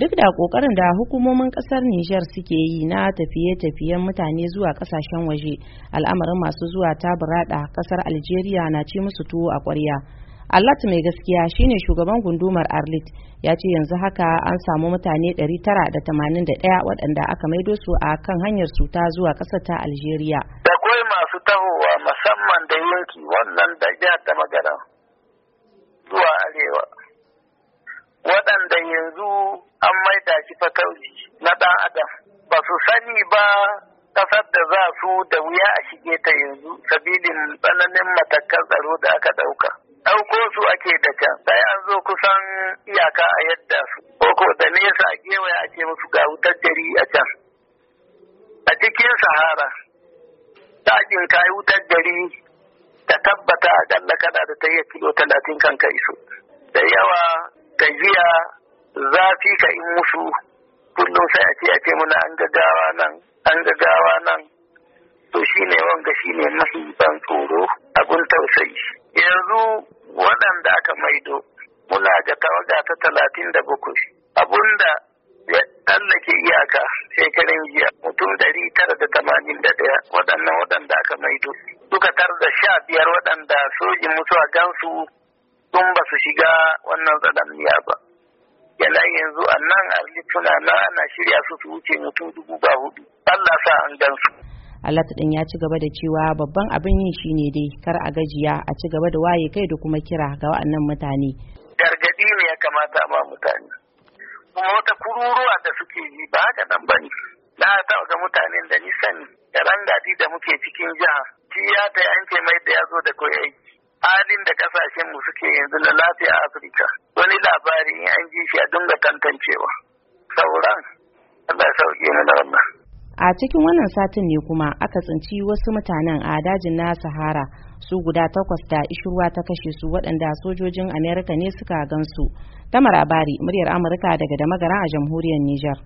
duk da kokarin da hukumomin kasar Nijar suke yi na tafiye-tafiyen mutane zuwa kasashen waje al'amarin masu zuwa ta burada kasar Algeria na ci musu tuwo a ƙwarya. Allat mai gaskiya shine shugaban gundumar Arlit ya ce yanzu haka an samu mutane 981 waɗanda aka maido su a kan hanyar su ta zuwa ƙasar ta Algeria. Da masu tahowa musamman da yanki wannan da ya da magana. sifatauri na ɗan adam ba su sani ba ƙasar da za su da wuya a shige ta yanzu sabilin tsananin matakan tsaro da aka ɗauka. Ɗauko su ake da can, sai an zo kusan iyaka a yadda su, ko da nesa a gewaye ake musu ga wutar jari a can. A cikin Sahara, ɗakin kayi wutar jari ta tabbata a kana da ta kilo talatin kan ka iso. Da yawa gajiya zafi ka in musu kullum sai a ce a ce muna an gaggawa nan an gaggawa nan to shine wanga shine mafi ban tsoro abun tausayi yanzu waɗanda aka maido muna ga tawaga ta talatin da bakwai abunda ya tsallake iyaka shekarun jiya mutum dari tara da tamanin da ɗaya waɗannan waɗanda aka maido suka tar da sha biyar waɗanda sojin mutuwa gansu sun ba su shiga wannan tsananniya ba yana yanzu a nan a lituna na ana shirya su su wuce mutum dubu ba hudu Allah sa an gan su. Allah ɗin ya ci gaba da cewa babban abin yi shine dai kar a gajiya a ci gaba da waye kai da kuma kira ga wa'annan mutane. Gargadi ne ya kamata ma mutane. Kuma wata kururuwa da suke yi ba haka nan ba Na taɓa ga mutanen da ni sani da daɗi da muke cikin jiha. Tiya ta yanke mai da ya zo da koyayi halin da kasashen mu suke yanzu na lafiya Afirka. wani labari in an ji shi a dinga tantancewa sauran Allah sauke mana wannan a cikin wannan satin ne kuma aka tsinci wasu mutanen a dajin na sahara su guda takwas da ishirwa ta kashe su waɗanda sojojin amerika ne suka gansu tamar abari muryar amurka daga damagara a jamhuriyar niger